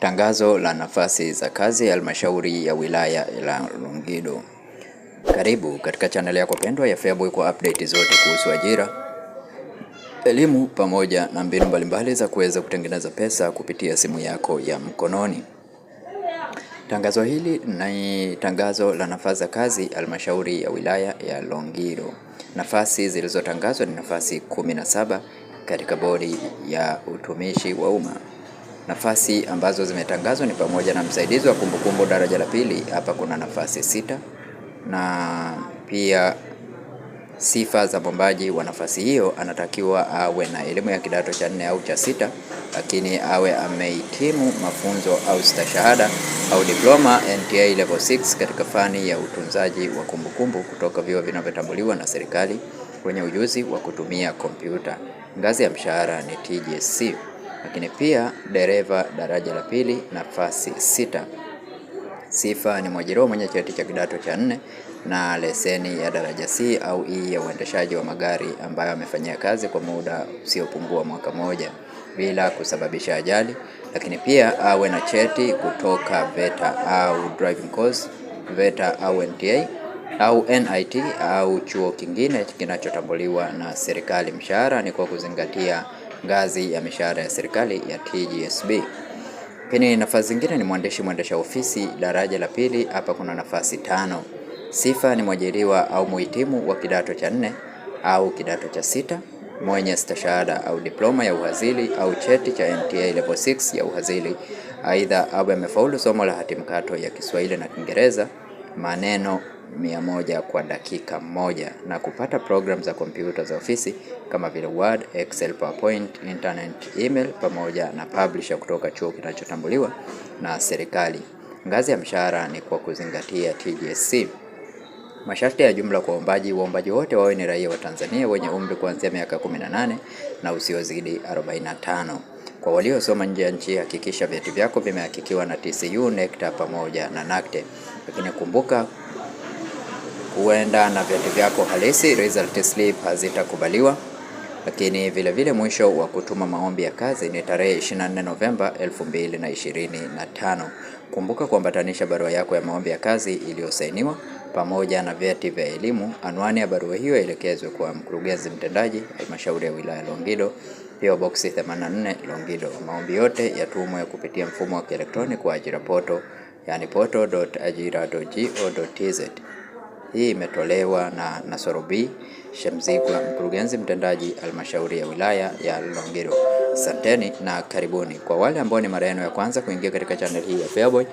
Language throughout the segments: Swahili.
Tangazo la nafasi za kazi halmashauri ya wilaya ya Longido. Karibu katika chaneli yako pendwa ya FEABOY kwa update zote kuhusu ajira, elimu pamoja na mbinu mbalimbali za kuweza kutengeneza pesa kupitia simu yako ya mkononi. Tangazo hili ni tangazo la nafasi za kazi halmashauri ya wilaya ya Longido. Nafasi zilizotangazwa ni nafasi 17 katika bodi ya utumishi wa umma. Nafasi ambazo zimetangazwa ni pamoja na msaidizi wa kumbukumbu daraja la pili, hapa kuna nafasi sita, na pia sifa za mwombaji wa nafasi hiyo, anatakiwa awe na elimu ya kidato cha nne au cha sita, lakini awe amehitimu mafunzo au stashahada au diploma NTA level 6 katika fani ya utunzaji wa kumbukumbu kutoka vyuo vinavyotambuliwa na serikali, kwenye ujuzi wa kutumia kompyuta. Ngazi ya mshahara ni TJC. Lakini pia dereva daraja la pili nafasi sita. Sifa ni mwajiriwa mwenye cheti cha kidato cha nne na leseni ya daraja C au E ya uendeshaji wa magari ambayo amefanyia kazi kwa muda usiopungua mwaka moja bila kusababisha ajali. Lakini pia awe na cheti kutoka VETA au driving course, VETA au NTA au NIT au chuo kingine kinachotambuliwa na serikali. Mshahara ni kwa kuzingatia ngazi ya mishahara ya serikali ya TGSB. Lakini nafasi zingine ni mwandishi mwendesha ofisi daraja la pili, hapa kuna nafasi tano. Sifa ni mwajiriwa au muhitimu wa kidato cha nne au kidato cha sita mwenye stashahada au diploma ya uhazili au cheti cha NTA level 6 ya uhazili, aidha awe amefaulu somo la hati mkato ya Kiswahili na Kiingereza maneno moja kwa dakika moja na kupata programu za kompyuta za ofisi kama vile Word, Excel, PowerPoint, Internet, email pamoja na publisher kutoka chuo kinachotambuliwa na serikali. Ngazi ya mshahara ni kwa kuzingatia TGSC. Masharti ya jumla kwa waombaji: waombaji wote wawe ni raia wa Tanzania wenye umri kuanzia miaka 18 na usiozidi 45. Kwa waliosoma nje ya nchi, hakikisha vyeti vyako vimehakikiwa na TCU, NECTA pamoja na NACTE. Lakini kumbuka kuenda na vyeti vyako halisi result slip hazitakubaliwa. Lakini vile vile mwisho wa kutuma maombi ya kazi ni tarehe 24 Novemba 2025. Kumbuka kuambatanisha barua yako ya maombi ya kazi iliyosainiwa pamoja na vyeti vya elimu. Anwani ya barua hiyo elekezwe kwa mkurugenzi mtendaji halmashauri ya wilaya Longido PO Box 84 Longido. Maombi yote yatumwe kupitia mfumo wa kielektroniki wa ajira poto, yani poto.ajira.go.tz. Hii imetolewa na Nasoro B Shemzikwa, mkurugenzi mtendaji halmashauri ya wilaya ya Longido. santeni na karibuni. Kwa wale ambao ni mara yenu ya kwanza kuingia katika channel hii ya FEABOY,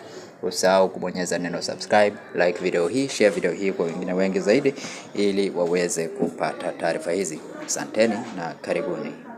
usahau kubonyeza neno subscribe, like video hii, share video hii kwa wengine wengi zaidi, ili waweze kupata taarifa hizi. santeni na karibuni.